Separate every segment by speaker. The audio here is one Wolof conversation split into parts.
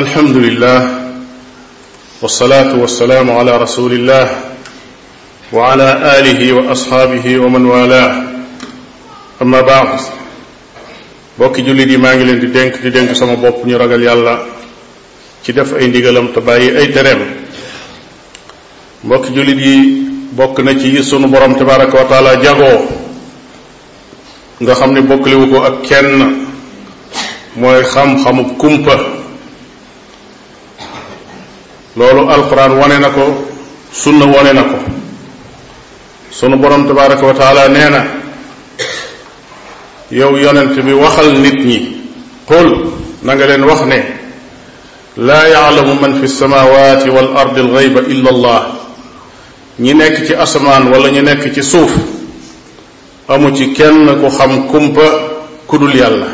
Speaker 1: alhamdulilah wasalaatu wasalaamu ala rasulillah wa ala alihi wa asxaabihi wa man wala amma baad bokki jullit yi maa ngi leen di dénk di dénk sama bopp ñu ragal yàlla ci def ay ndigalam te bàyyi ay tereem mbokki jullit yi bokk na ci yi sunu borom tabaraka wa taala jagoo nga xam ne bokkliwu ko ak kenn mooy xam-xamub kumpa loolu alquran wone na ko sunna wone na ko sunu borom tabaraka wa taala nee na yow yonent bi waxal nit ñi qul na leen wax ne laa yaalamu man fi samawati wal ardi alxayba illa allah ñi nekk ci asamaan walla ñu nekk ci suuf amu ci kenn ku xam kumpa kudul yàlla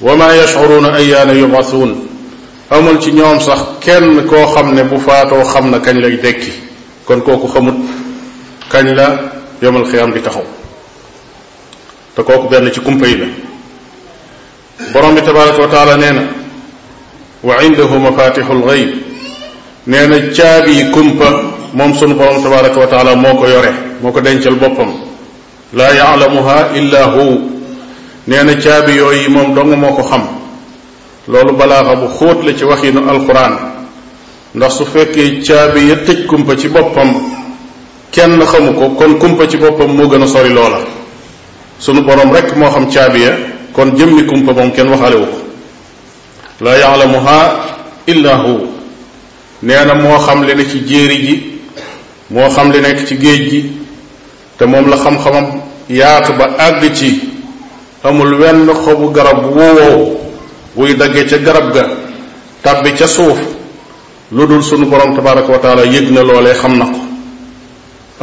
Speaker 1: wa ma yashcuruuna ayaana yubcathuun amul ci ñoom sax kenn koo xam ne bu faatoo xam na kañ lay dekki kon kooku xamut kañ la yomal xiyaam di taxaw te kooku benn ci kumpa yi la borom bi tabaraka wa taala nee na wa indahu mafatixul gayb nee na caabi yi kumpa moom sunu borom tabaraka wa taala moo ko yore moo ko dencal boppam laa yaalamuha illa hu nee na caabi yooyu moom dong moo ko xam loolu balaaxa bu xóot la ci waxiinu alquran ndax su fekkee caabi ya tëj kumpa ci boppam kenn xamu ko kon kumpa ci boppam moo gën a sori loola sunu boroom rekk moo xam caabi ya kon jëmmi kumpa moom kenn waxalewu ko laa yaalamuha illa hu nee moo xam li ne ci jéeri ji moo xam li nekk ci géej gi te moom la xam-xamam yaatu ba àgg ci amul wenn xobu garab woowoo wuy dagge ca garab ga tàbbi ca suuf lu dul sunu borom tabaraka wa taala yëg na loolee xam na ko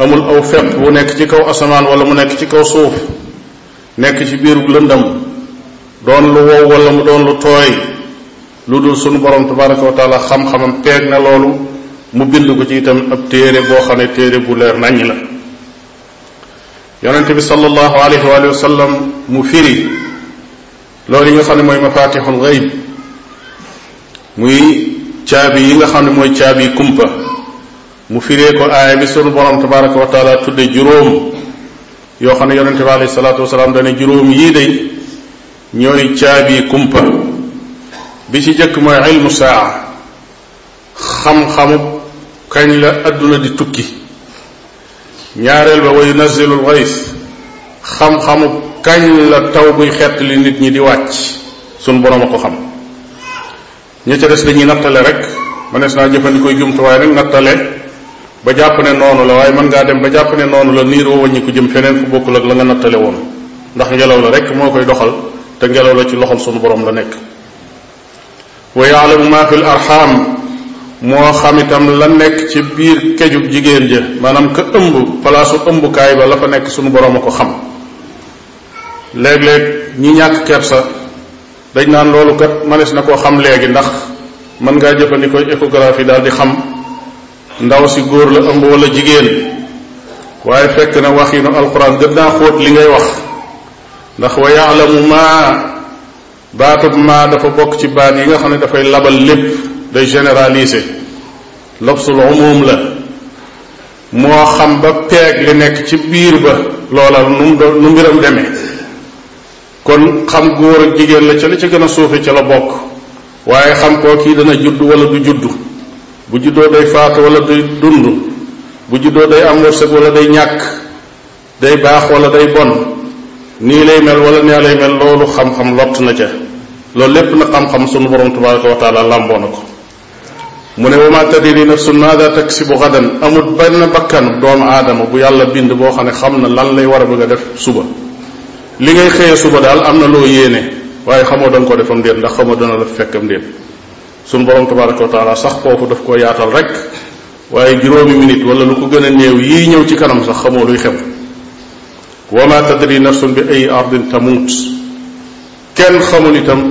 Speaker 1: amul aw fepp bu nekk ci kaw asamaan wala mu nekk ci kaw suuf nekk ci biiru lëndam doon lu wow wala mu doon lu tooy lu dul sunu borom tabaraka wa taala xam-xamam peeg na loolu mu bind ko ci itam ab téere boo xam ne téere bu leer naññ la yonente bi sallallahu alayhi wa mu firi loolu yi nga xam ne mooy mafatixul gayb muy caabi yi nga xam ne mooy caabi kumpa mu firee ko aaya bi sunu borom tabaraka wa taala tudde juróom yoo xam ne yonente bi alayhi salaatu wasalaam dane juróom yii day ñooy caabi kumpa bi ci jëkk mooy ilmu saa xam-xamub kañ la adduna di tukki ñaareel ba wa yunazilu lxays xam-xamub kañ la taw buy xet li nit ñi di wàcc suñu borom a ko xam ña ca des dañuy nattale rek manees naa jëfandikoo jumtuwaay nag nattale ba jàpp ne noonu la waaye mën ngaa dem ba jàpp ne noonu la niir woo wàññi ko jëm feneen fu bokkul ak la nga nattale woon ndax ngelaw la rek moo koy doxal te ngelaw la ci loxol suñu borom la nekk wa yaalamu ma arxaam moo xam itam la nekk ci biir kejub jigéen ja maanaam ka ëmb palaasu ëmbukaay ba la fa nekk suñu borom a ko xam léeg-léeg ñi ñàkk kersa dañ naan loolu kat manees na koo xam léegi ndax mën ngaa jëfandikoo échographie daal di xam ndaw si góor la ëmb wala jigéen waaye fekk na waxiinu alquran gën naa xóot li ngay wax ndax wa yaalamu maa baatub maa dafa bokk ci baat yi nga xam ne dafay labal lépp day généraliser lobsul umum la moo xam ba peeg li nekk ci biir ba loola nu mu mbiram demee kon xam góor ak jigéen la ca la ca gën a suufe ca la bokk waaye xam koo kii dana judd wala du judd bu juddoo day faatu wala day dund bu juddoo day am wërsëg wala day ñàkk day baax wala day bon nii lay mel wala nee lay mel loolu xam-xam lott na ca loolu lépp na xam-xam sunu borom tabaraka wa làmboo na ko mu ne wa ma tadiri nafsun maada taksibu gadan amul benn bakkanu doomu aadama bu yàlla bind boo xam ne xam na lan lay war a def suba li ngay xëyee suba daal am na loo yéene waaye xamoo da nga ko defam ndéet ndax xamoo dana la fekk fekkam ndéet suñu borom tabaraka wa sax foofu daf koo yaatal rek waaye juróomi minute wala lu ko gën a néew yii ñëw ci kanam sax xamoo luy xew wa ma tadri nafsun bi ay ardin tamut kenn xamul itam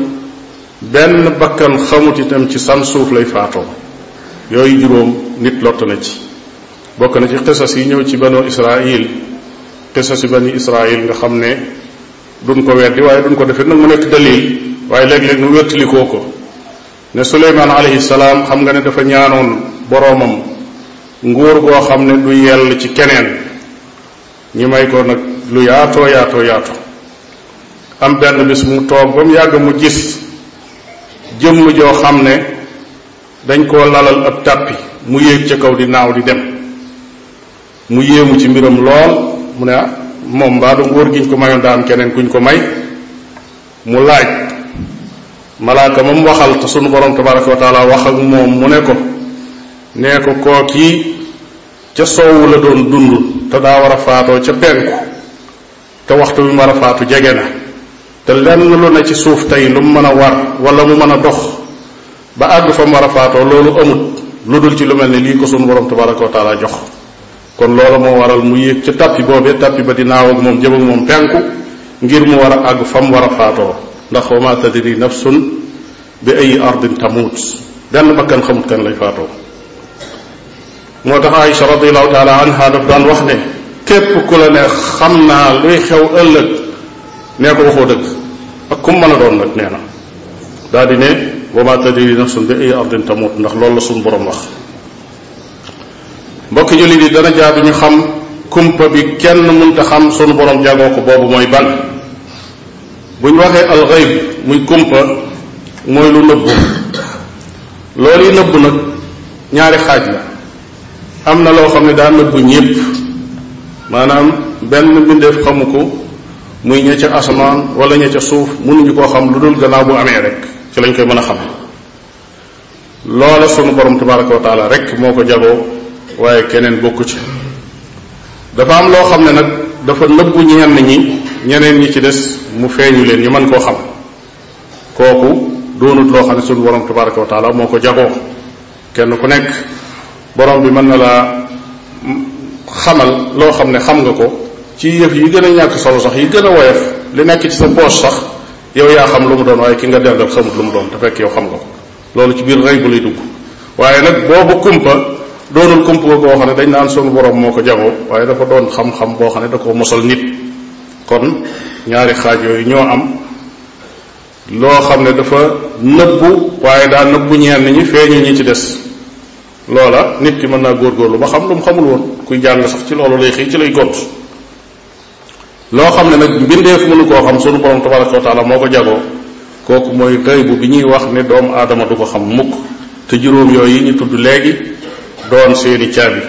Speaker 1: benn bakkan xamut itam ci san suuf lay faatoo yooyu juróom nit lott na ci bokk na ci xisas yi ñëw ci banu israil xisas yi bani nga xam ne duñ ko weddi waaye duñ ko defee nag mu nekk dalil waaye léeg-léeg nu wéttalikoo ko ne suleymaan alayhi salaam xam nga ne dafa ñaanoon boroomam nguur goo xam ne du yell ci keneen ñi may ko nag lu yaatoo yaato yaatu am benn bis mu toog ba mu yàgg mu gis jëmm joo xam ne dañ koo lalal ab tàppi mu yéeg ca kaw di naaw di dem mu yéemu ci mbiram lool mu ne ah moom mbaa du nguur giñ ko mayoon daa am keneen kuñ ko may mu laaj malaaka moom waxal te sunu borom tabaraka wa wax ak moom mu ne ko nee ko kookii ca soowu la doon dund te daa war a faatoo ca penku te waxtu wi mu war a faatu jege na te lenn lu ne ci suuf tey lu mu mën a war wala mu mën a dox ba àgg fa mu a faatoo loolu amut lu dul ci lu mel ni lii ko sunu borom tabaraka wa jox kon loola moo waral mu yéeg ca tappi boobee tappi ba di naaw moom jëm moom penku ngir mu war a àgg fam war a faatoo ndax wa ma tadri nafsun bi ay ardin tamut benn bakkan xamut kan lay faatoo moo tax Aïcha radiallahu taala anha daf daan wax ne képp ku la ne xam naa luy xew ëllëg nee ko waxoo dëgg ak kum mën a doon nag nee na daal di ne wa ma tadri nafsun bi ay ardin ndax loolu la suñu borom wax mbokki jullit yi dana jaadu ñu xam kumpa bi kenn mënta xam sunu borom jagoo ko boobu mooy ban bu ñu waxee alxayb muy kumpa mooy lu nëbbu loolu yi nëbbu nag ñaari xaaj la am na loo xam ne daa nëbbu ñépp maanaam benn mbindeef xamu ko muy ña ca asamaan wala ña ca suuf mënuñu koo xam lu dul gannaaw bu amee rek ci lañ koy mën a xam loola sunu borom tabaraka wa rek moo ko jagoo waaye keneen bokku ci dafa am loo xam ne nag dafa nëbbu ñenn ñi ñeneen ñi ci des mu feeñu leen ñu man koo xam kooku doonut loo xam ne suñu borom tabaraka wa moo ko jagoo kenn ku nekk borom bi mën na laa xamal loo xam ne xam nga ko ci yëf yi gën a ñàkk solo sax yi gën a woyof li nekk ci sa poche sax yaw yaa xam lu mu doon waaye ki nga dendal xamut lu mu doon te fekk yow xam nga ko loolu ci biir rey bu lay dugg waaye nag boobu kumpa doonul kumpa koo xam ne dañ naan sunu boroom moo ko jagoo waaye dafa doon xam-xam boo xam ne da koo mosal nit kon ñaari xaaj yooyu ñoo am loo xam ne dafa nëbbu waaye daa nëbbu ñenn ñi feeñu ñi ci des loola nit ki mën naa góorgóorlu ba xam lu mu xamul woon kuy jàng sax ci loolu lay xëy ci lay gont loo xam ne nag mbindeef mënu koo xam sunu borom tabaraka wa moo ko jagoo kooku mooy gaybu bi ñuy wax ne doomu aadama du ko xam mukk te ju yooyu ñu tudd léegi doon seeni caabi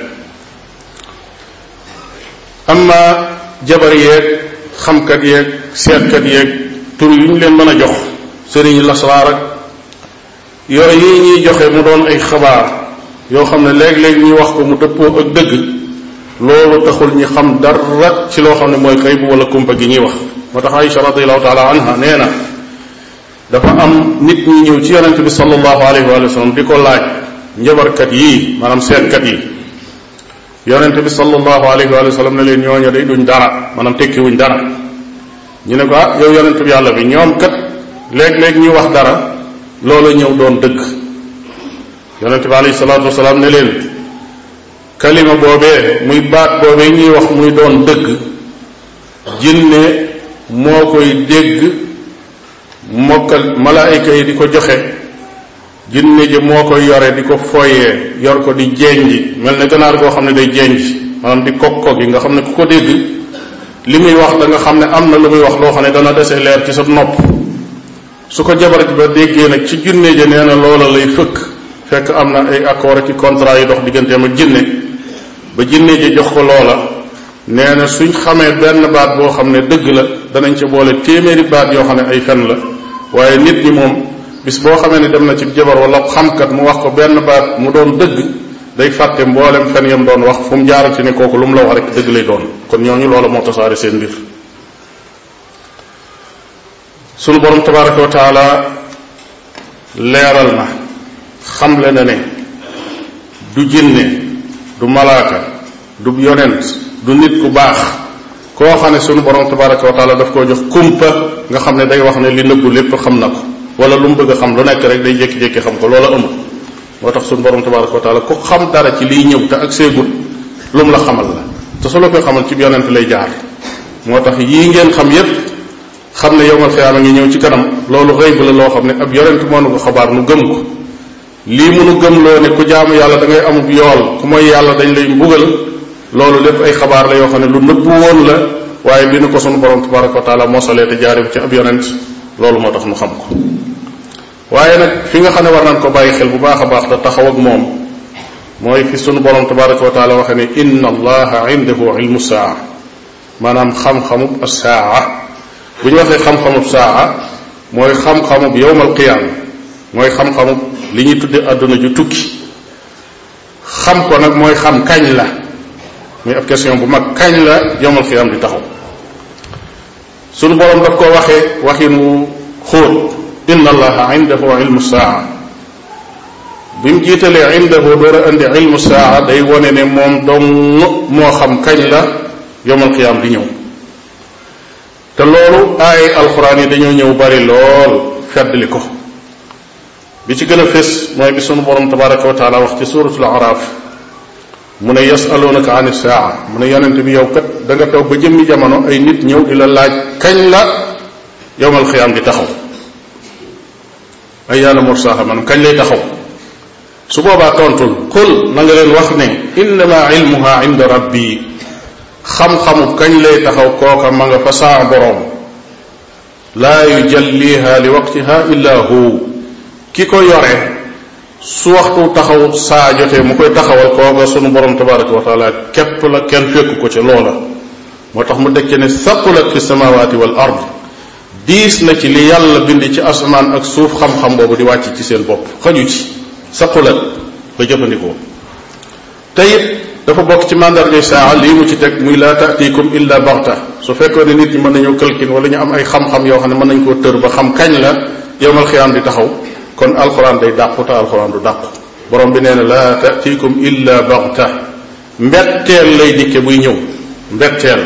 Speaker 1: amma jabar yeeg xamkat yeeg seetkat yeeg tur yu ñu leen mën a jox sëriñ lasraar ak yooyu yi ñuy joxe mu doon ay xabaar yoo xam ne léeg-léeg ñu wax ko mu dëppoo ak dëgg loolu taxul ñi xam dara ci loo xam ne mooy xëy bu wala kumpa gi ñuy wax moo tax Aïcha radiallahu taala anha nee na dafa am nit ñi ñëw ci yonente bi sallallahu alayhi wa sallam di ko laaj njabarkat yii maanaam seetkat yi yonente bi sallallahu alayhi wa sallam ne leen ñooñu day duñ dara maanaam tekkiwuñ dara ñu ne ko ah yow yonente bi yàlla bi ñoom kat léeg-léeg ñuy wax dara loola ñëw doon dëgg yonente bi alayhi salaatu wasalaam ne leen kalima boobee muy baat boobee ñuy wax muy doon dëgg jinne moo koy dégg mokkal malaayika yi di ko joxe jinne ji moo koy yore di ko fooyee yor ko di jenji mel na ganaar goo xam ne day jenji maanaam di kokko yi nga xam ne ku ko dégg li muy wax da nga xam ne am na lu muy wax loo xam ne dana dese leer ci sa nopp su ko jabar ji ba déggee nag ci jinne ji nee na loola lay fëkk fekk am na ay accord ci contrat yu dox digganteem a jinne ba jinne ji jox ko loola nee na suñ xamee benn baat boo xam ne dëgg la danañ ci boole téeméeri baat yoo xam ne ay fen la bis boo xamee ne dem na ci jabar wala xamkat mu wax ko benn baat mu doon dëgg day fàtte mboolem fen yam doon wax fu mu jaaral ci ne kooku lu mu la wax rek dëgg lay doon kon ñooñu loola moo tasaare seen mbir sunu borom tabaraka wa leeral na xamle na ne du jinne du malaaka du yonent du nit ku baax koo xam ne suñu borom tabaraka wa daf koo jox kumpa nga xam ne day wax ne li nëbbu lépp xam na ko wala lu mu bëgg a xam lu nekk rek day jékki-jékki xam ko loola amul moo tax suñu borom tabaraka wa taala ku xam dara ci liy ñëw te ak seegut la xamal la te su la koy ci yonent lay jaar moo tax yii ngeen xam yépp xam ne yowmal xiyaama ngi ñëw ci kanam loolu rëyb la loo xam ne ab yonent moo nu ko xabaar nu gëm ko lii munu gëm loo ne ku jaamu yàlla da ngay amub yool ku mooy yàlla dañ lay mbugal loolu lépp ay xabaar la yoo xam ne lu nëbbu woon la waaye bi nu ko sunu borom tabaraka wa taala mosalee te jaarib ci ab yonent loolu moo tax nu xam ko waaye nag fi nga xam ne war nañ ko bàyyi xel bu baax a baax da taxaw ak moom mooy fi sunu borom tabaraka wa taala waxe ne inna allaha indahu ilmu saa maanaam xam-xamub bu ñu waxee xam-xamub saa mooy xam-xamub yowmal qiyaama mooy xam-xamub li ñuy tudde àdduna ju tukki xam ko nag mooy xam kañ la muy ab bu mag kañ la yowmal qiyaama di taxaw suñu borom daf koo waxee waxin wu xóot inna a indahu ilmu saa bi mu jiitalee indahu door a indi ilmu saa day wone ne moom dong moo xam kañ la yowmal qiyaam di ñëw te loolu ay alxuraan yi dañoo ñëw bari lool feddli ko bi ci gën a fés mooy bi sunu borom tabaraka wa taala wax ci suratul araaf mu ne yasalunaka an saa mu ne yonente bi yow kat da nga taw ba jëmmi jamono ay nit ñëw di la laaj kañ la yowmal xiyaam di taxaw ay yàlla mursaaha maanaam kañ lay taxaw su boobaa tontul qul na leen wax ne innama ilmuha inda rabbi xam-xamu kañ lay taxaw kooka ma nga fa saa boroom laa yujalliha li waqtiha illa hu ki ko yore su waxtu taxaw saa jotee mu koy taxawal kooka sunu borom tabaraka wa taala képp la kenn fekku ko ca loola moo tax mu dëkk ne saqulat fi samawaati wal ard diis na ci li yàlla bind ci asamaan ak suuf xam-xam di wàcc ci seen bopp xaju ci saqulat nga jëfandikoo te it ci mandarga saa lii mu ci teg muy laa taatikum illa baxta su fekkoon ne nit ñi mën nañoo këlkin wala ñu am ay xam-xam yoo xam ne mën nañ koo tër ba xam kañ la yowmal xiyaam di taxaw kon alxuraan day dàqu te alxuraan du dàqu borom bi nee na laa tatikum illa baxta mbetteel lay dikke buy ñëw mbetteel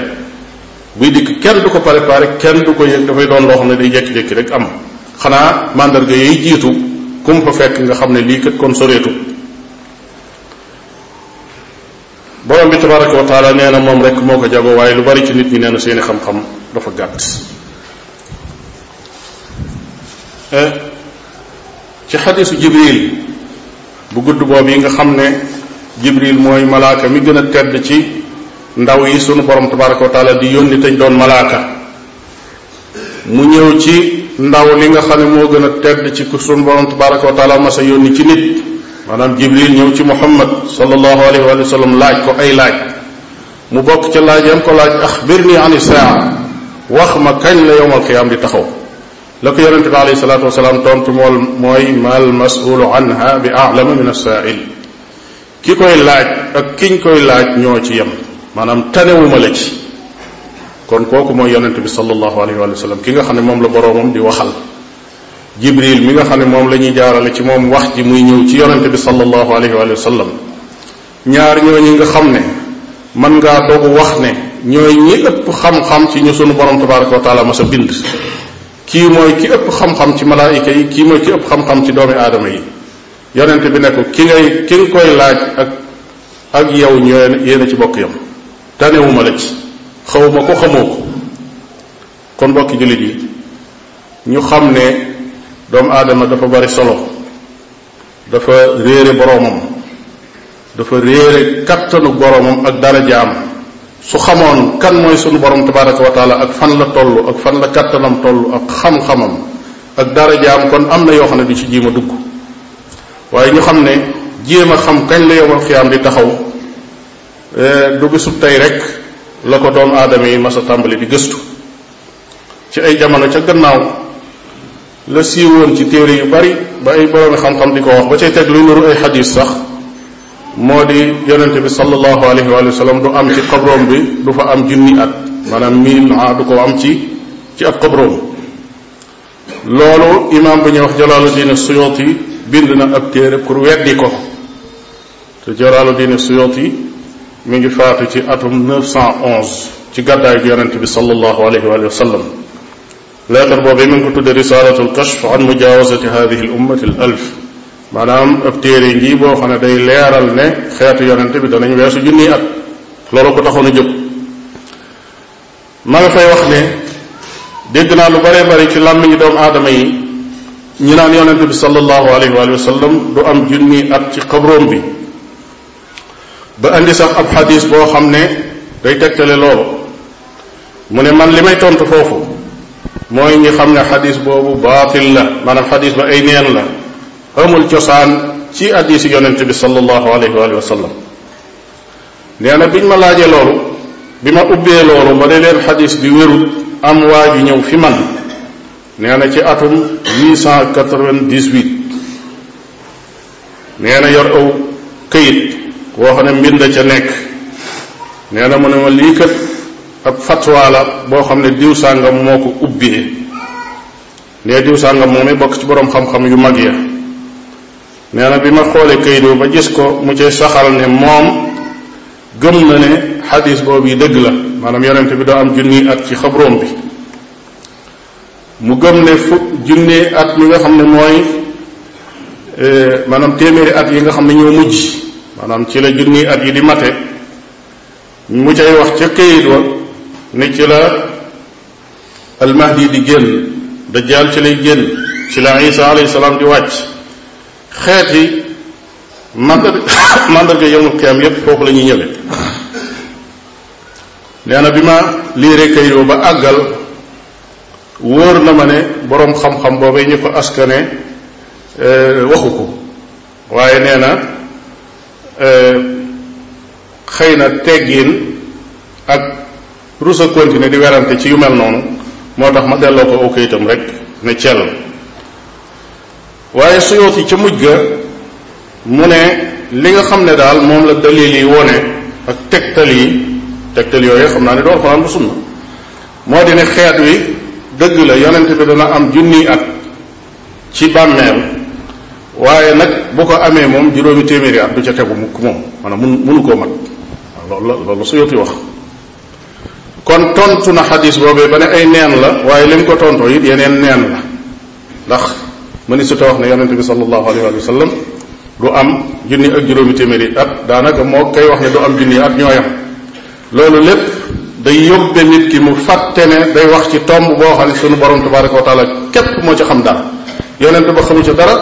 Speaker 1: buy dikk kenn du ko préparé kenn du ko yëg dafay doon loo xam ne day jékki-jékki rek am xanaa màndarga yi jiitu ku mu fa fekk nga xam ne lii kat kon soreetu borom bi tabaraka wa taala nee na moom rek moo ko jago waaye lu bari ci nit ñi nee seeni xam-xam dafa gàtt eh? ci xadisu jibril bu gudd boobu yi nga xam ne jibril mooy malaaka mi gën a tedd ci ndaw yi sunu borom tabaraka wa taala di yónni tañ doon malaaka mu ñëw ci ndaw li nga xam ne moo gën a tedd ci ku sunu borom tabaraka wa taala masa yónni ci nit maanaam jibril ñëw ci muhammad sallallahu alayhi wa sallam laaj ko ay laaj mu bokk ca laaj yam ko laaj axbir ni ani saa wax ma kañ la yowmal qiyaam di taxaw la ko yonente bi alayhi salaatu wasalaam tontu mool mooy mal masulu anha bi alama min asaail ki koy laaj ak kiñ koy laaj ñoo ci yem maanaam tanewuma la ci kon kooku mooy yonente bi sallallahu alayhi wa sallam ki nga xam ne moom la boroomam di waxal jibril mi nga xam ne moom la ñuy jaarale ci moom wax ji muy ñëw ci yonente bi sallallahu alayhi wa sallam ñaar ñooñu nga xam ne mën ngaa dogu wax ne ñooy ñi ëpp xam-xam ci ñu sunu borom tabaraka wa taala mas a bind kii mooy ki ëpp xam-xam ci malaayika yi kii mooy ki ëpp xam-xam ci doomi aadama yi yonent bi ne ki ngay ki nga koy laaj ak ak yow ñoo yéen a ci bokk yam tanewuma la ci xawma ko xamoo ko kon bokki jullit yi ñu xam ne doomu aadama dafa bari solo dafa réere boroomam dafa réere kattanu boroomam ak dara darajaam su xamoon kan mooy sunu borom tabaraka wa taala ak fan la toll ak fan la kàttanam toll ak xam-xamam ak darajaam kon am na yoo xam ne du ci jéem a dugg waaye ñu xam ne jéem a xam kañ la yomal xiyaam di taxaw du e, bisub tey rek la ko doomu aadama yi masa tàmbali bi gëstu ci ay jamono ca gannaaw la siiwoon ci téere yu bari ba ay boroomi xam-xam di ko wax ba cay teg lu nuru ay xadis sax moo di yonente bi sallallahu alayhi wa sallam du am ci xabroom bi du fa am junni at maanaam mille ans du ko am ci ci ab xabroom loolu imaam bu ñuy wax Jalaaluddin Suyuti bind na ab téere pour weddi ko te Jalaaluddin Suyuti mi ngi faatu ci atum 911 ci gàddaay yonente bi sallallahu alayhi wa sallam lettre boobu mi ngi ko tudde risalatul kashf an mujawazati hadihi al ummati al maanaam ab téere ngi boo xam ne day leeral ne xeetu yonente bi danañ weesu junniy at loolu ko taxoon a jóg ma nga fay wax ne dégg naa lu bare bari ci làmmiñu doomu aadama yi ñi naan yonente bi sallallahu alayhi wa sallam du am junniy at ci xabroom bi ba indi sax ab xadis boo xam ne day tegtale loolu mu ne man li may tontu foofu mooy ñi xam ne xadis boobu baatil la maanaam xadis ba ay neen la amul cosaan ci hadiisi yonent bi sallallahu alayhi wa sallam nee na biñ ma laajee loolu bi ma ubbee loolu ma ne leen xadis bi wérut am waa ji ñëw fi man nee na ci atum 898 nee na yor aw këyit woo xam ne na ca nekk nee na mu ma lii kat ab fatwa boo xam ne diw sàngam moo ko ubbee nee diw sàngam moom i bokk ci boroom xam-xam yu mag ya nee na bi ma xoolee kayit Kaydo ba gis ko mu cay saxal ne moom gëm na ne xadis boobu yi dëgg la maanaam yonente bi doo am junni at ci xabroom bi mu gëm ne fu junni at mi nga xam ne mooy e, maanaam téeméeri at yi nga xam ne ñoo mujj maanaam ci la junni at yi di mate mu cay wax ca kayit wa ne ci la almahdi di génn dajjaal ci lay génn ci la isa alayhi salaam di wàcc xeet yi mandar mandarga yépp foofu la ñuy ñëwee nee na bi ma liiree kayit ba àggal wóor na ma ne boroom xam-xam boobee ñu ko askane euh, waxu ko waaye nee na euh, xëy na teggiin ak rusa continuer di werante ci yu mel noonu moo tax ma delloo ko aw kayitam rek ne cell waaye suyoot yi ca mujj ga mu ne li nga xam ne daal moom la dalil yi wone ak tegtal yi tegtal yooyu xam naa ne doon xonaan bu sunna moo di ne xeet wi dëgg la yonent bi dana am junniy at ci bàmmeel waaye nag bu ko amee moom juróomi téeméeri at du ca tegu mukk moom maanaam mun munu koo mat loolu la loolu la suyoot yi wax kon tontu na xadis boobee ba ne ay neen la waaye lim ko tontoo it yeneen neen la ndax ma su ta wax ne yonente bi sallallahu alayhi wa sallam du am junni ak juróomi téeméeri at daanaka moo koy wax ne du am junni at loolu lépp da yóbbe nit ki mu fàtte ne day wax ci tomb boo xam ne sunu borom tabaraka wa taala képp moo ca xam dara yonent ba xamu ca dara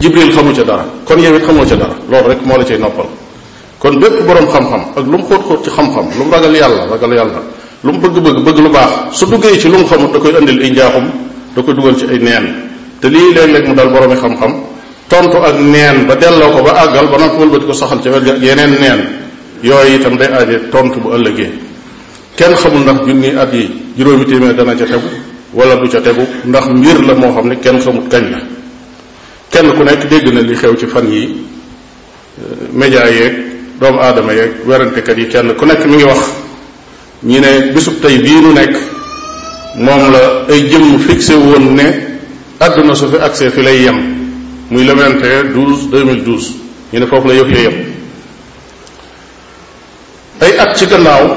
Speaker 1: jibril xamu ca dara kon yow it xamoo ca dara loolu rek moo la cay noppal kon bépp borom xam-xam ak lu mu xóot-xóot ci xam-xam lu mu ragal yàlla ragal yàlla lu mu bëgg-bëgg bëgg lu baax su duggee ci lu mu xamut da koy andil ay njaaxum da koy dugal ci ay neen te lii léeg-léeg mu dal boroomi xam-xam tontu ak neen ba delloo ko ba àggal ba noppi wëlbati ko soxal ca wet ga yeneen neen yooyu itam day aaje tontu bu ëllëgee kenn xamul ndax junni at yi juróomi téeméer dana ca tegu wala du ca tegu ndax mbir la moo xam ne kenn xamut kañ kenn ku nekk dégg na li xew ci fan yi euh, média yeeg doomu aadama yeeg werantekat yi kenn ku nekk mi ngi wax ñi ne bisub tey bii nu nekk moom la ay jëmm fixé woon ne àdduna su fi accès fi lay yem muy le 21 12 2012 ñu ne foofu la yëf ya yem ay at ci gannaaw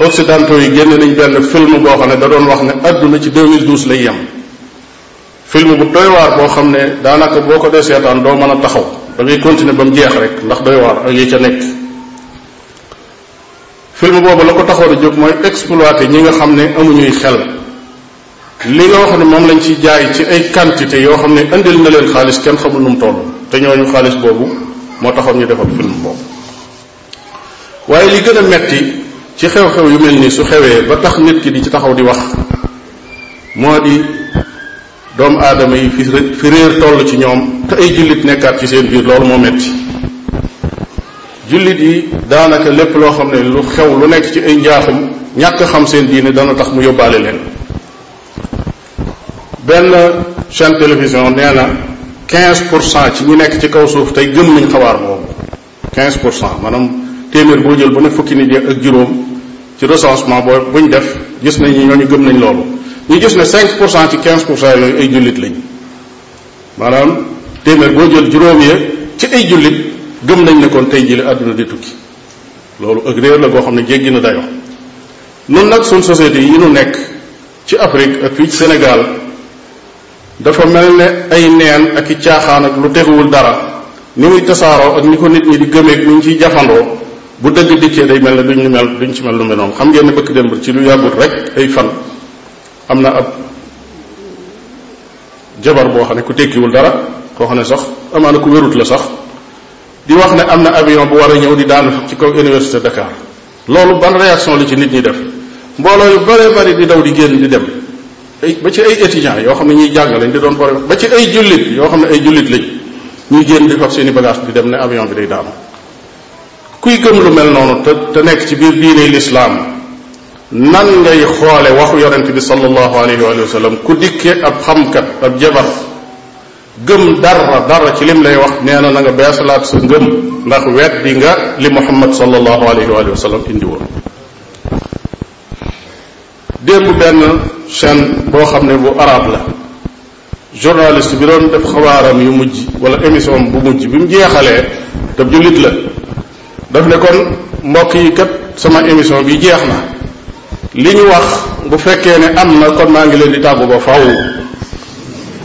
Speaker 1: occidentaux yi génne nañ benn film boo xam ne da doon wax ne àdduna ci 2012 lay yem film bu doy waar boo xam ne daanaka boo ko dee seetaan doo mën a taxaw da ngay ba mu jeex rek ndax doy waar ak yi ca nekk film boobu la ko taxoo a jóg mooy exploiter ñi nga xam ne amuñuy xel li nga wax ne moom lañ ci jaay ci ay quantité yoo xam ne indil na leen xaalis kenn xamul nu mu toll te ñooñu xaalis boobu moo taxoon ñu defal film boobu waaye li gën a metti ci xew-xew yu mel nii su xewee ba tax nit ki di ci taxaw di wax moo di doomu aadama yi fi fi réer toll ci ñoom te ay jullit nekkaat ci seen biir loolu moo metti jullit yi daanaka lépp loo xam ne lu xew lu nekk ci ay njaaxum ñàkk xam seen diine dana tax mu yóbbaale leen benn chaîne télévision nee na 15 pour cent ci ñi nekk ci kaw suuf tey gëm nañ xabaar boobu 15 pour cent maanaam téeméer boo jël ba ne fukki nit ak juróom ci recensement boobu bu ñu def gis nañ ñi ñooñu gëm nañ loolu ñu gis ne 5 pour cent ci 15 pour ay jullit lañ maanaam téeméer boo jël juróom ci ay jullit gëm nañ ne tey jii àdduna di tukki loolu ak réer la goo xam ne jéggi na dayo nun nag suñ société yi nu nekk ci Afrique ak fii ci Sénégal dafa mel ne ay neen ak i caaxaan ak lu teguwul dara ni muy tasaaroo ak ni ko nit ñi di gëmeeg ni ñu ciy jafandoo bu dëgg dikkee day mel ne duñ mel duñ ci mel lu mel noonu xam ngeen ne bëkk démb ci lu yàggul rek ay fan am na ab jabar boo xam ne ku tekkiwul dara koo xam ne sax amaana ku wérut la sax di wax ne am na avion bu war a ñëw di daan ci kaw université Dakar loolu ban réaction li ci nit ñi def mbooloo yu bare bari di daw di génn di dem ay ba ci ay étudiants yoo xam ne ñuy jàng lañ di doon boole ba ci ay jullit yoo xam ne ay jullit lañ ñuy génn di fab seeni i bi dem ne avion bi day daanu kuy gëm lu mel noonu te te nekk ci biir diiney lislaam nan ngay xoole waxu yorant bi sallallahu alayhi wa sallam ku dikkee ab xamkat ab jabar gëm dara dara ci lim lay wax nee na na nga beesalaat sa ngëm ndax weddi nga li muhammad sallallahu alayhi wa sallam indi woon démb benn chaîne boo xam ne bu arab la journaliste bi doon def xabaaram yu mujj wala émission bu mujj bi mu jeexalee te jullit la daf ne kon mbokk yi kat sama émission bi jeex na li ñu wax bu fekkee ne am na kon maa ngi leen di tàggu ba faw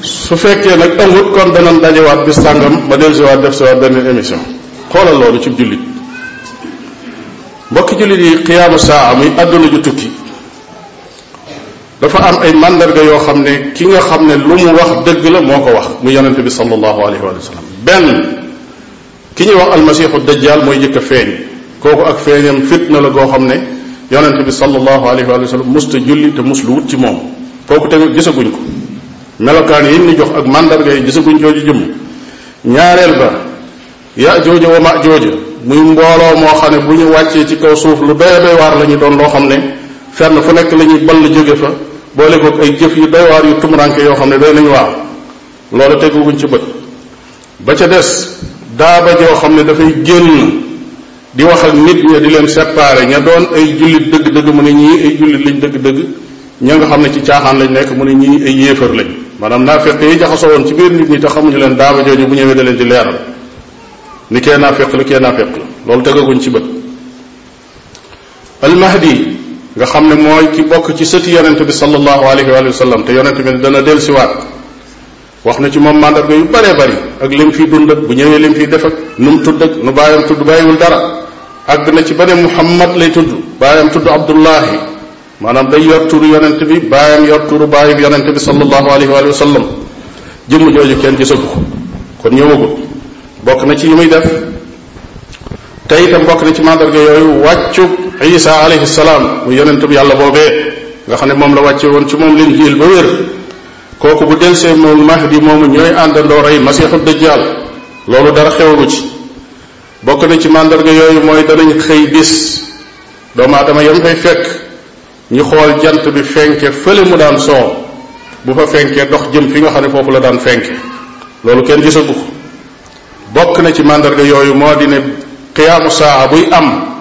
Speaker 1: su fekkee nag amut kon danañ dajewaat bis sàngam ba dellu siwaat def siwaat benn émission xoolal loolu ci jullit mbokki jullit yi xiyaamu saa muy àdduna ju tukki dafa am ay màndarga yoo xam ne ki nga xam ne lu mu wax dëgg la moo ko wax mu yonente bi sallallahu alayhi wa sallam benn ki ñuy wax almasiixu dajjal mooy jëkk a feeñ kooku ak feeñam fitna la goo xam ne yonente bi sallallahu alayhi wa sallam musta julli te mus lu wut ci moom kooku te gisaguñ ko melokaan yi ñu jox ak mandarga yi gisaguñ jooju jëmm ñaareel ba ya jooja wa ma jooja muy mbooloo moo xam ne bu ñu wàccee ci kaw suuf lu doy doy waar la ñu doon loo xam ne fenn fu nekk la ñuy ball jóge fa boole koog ay jëf yu doy waar yu tumuranke yoo xam ne doy nañu waar loola teguguñ ci bët ba ca des daaba yoo xam ne dafay génn di wax ak nit ña di leen séparer ña doon ay jullit dëgg-dëgg mu ne ñii ay jullit lañ dëgg-dëgg ña nga xam ne ci caaxaan lañ nekk mu ne ñii ay yéefar lañ maanaam naafeq yi jaxasoo woon ci biir nit ñi te xamuñu leen daaba jooju bu ñëwee da leen di leeral ni kee naafeq la kee naafeq la loolu tegaguñ ci bët almahdi nga xam ne mooy ki bokk ci sëti yonente bi sallallahu alayhi wa sallam te yonente bi dana dellusiwaat wax na ci moom mandarga yu bëree bëri ak lim fi dund ak bu ñëwee lim fi def ak nu mu tudd ak nu bàyyam tudd bàyyiwul dara àgg na ci ba ne Muhammad lay tudd bàyyam tudd Abdullahi maanaam day yor turu yonente bi bàyyam yor turu bàyyam yonente bi sallallahu alayhi wa sallam jëmm jooju kenn gisagu ko kon ñëwagul bokk na ci yi muy def te bokk na ci mandarga yooyu wàccu isa alayhi salaam muy yonentub yàlla boobee nga xam ne moom la wàcce woon ci moom liñ jiil ba wér kooku bu delsee moom mahdi moomu ñooy àndandoo rey masiixu dajjaal loolu dara xewagu ci bokk na ci màndarga yooyu mooy danañ xëy bis doomu aadama yam fekk ñu xool jant bi fenke fële mu daan soo bu fa fenkee dox jëm fi nga xam ne foofu la daan fenke loolu kenn gisagu bokk na ci màndarga yooyu moo di ne qiyaamu saa buy am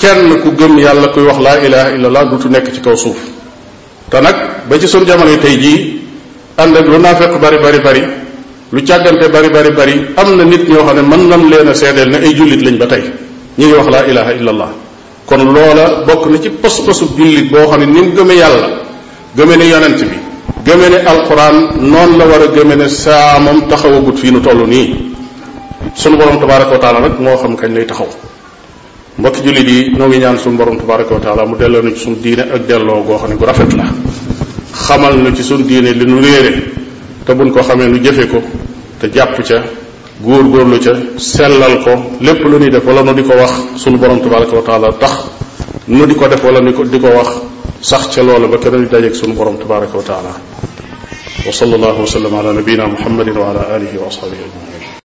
Speaker 1: kenn ku gëm yàlla kuy wax laa ilaha illallah dutu nekk ci kaw suuf te nag ba ci sunu jamono tey jii ànd ak lu naafeq bari bari bari lu càggante bari bari bari am na nit ñoo xam ne mën nam leen a seedeel ne ay jullit lañ ba tey ñu ngi wax laa ilaha illallah kon loola bokk na ci pas-pasu jullit boo xam ne ni mu gëme yàlla gëme ne yonent bi gëme ne alquran noon la war a gëme ne saamam taxawagut fii nu toll nii sunu borom tabaraka wa taala nag kañ lay taxaw mbokki jullit yi noo ngi ñaan suñu borom tabaraka wa taala mu delloo nu ci suñu diine ak delloo goo xam ne gu rafet la xamal na ci suñu diine li nu réere te buñ ko xamee lu jëfe ko te jàpp ca góor góorlu ca sellal ko lépp lu nuy def wala nu di ko wax suñu borom tabaraka wa taala tax nu di ko def wala nu di ko wax sax ca loola ba keneen di dajeeg suñu borom tabaraka wa taala wa sallallahu wa sallam ala wa muhammadin wa ala alihi wa ashabihi ajmain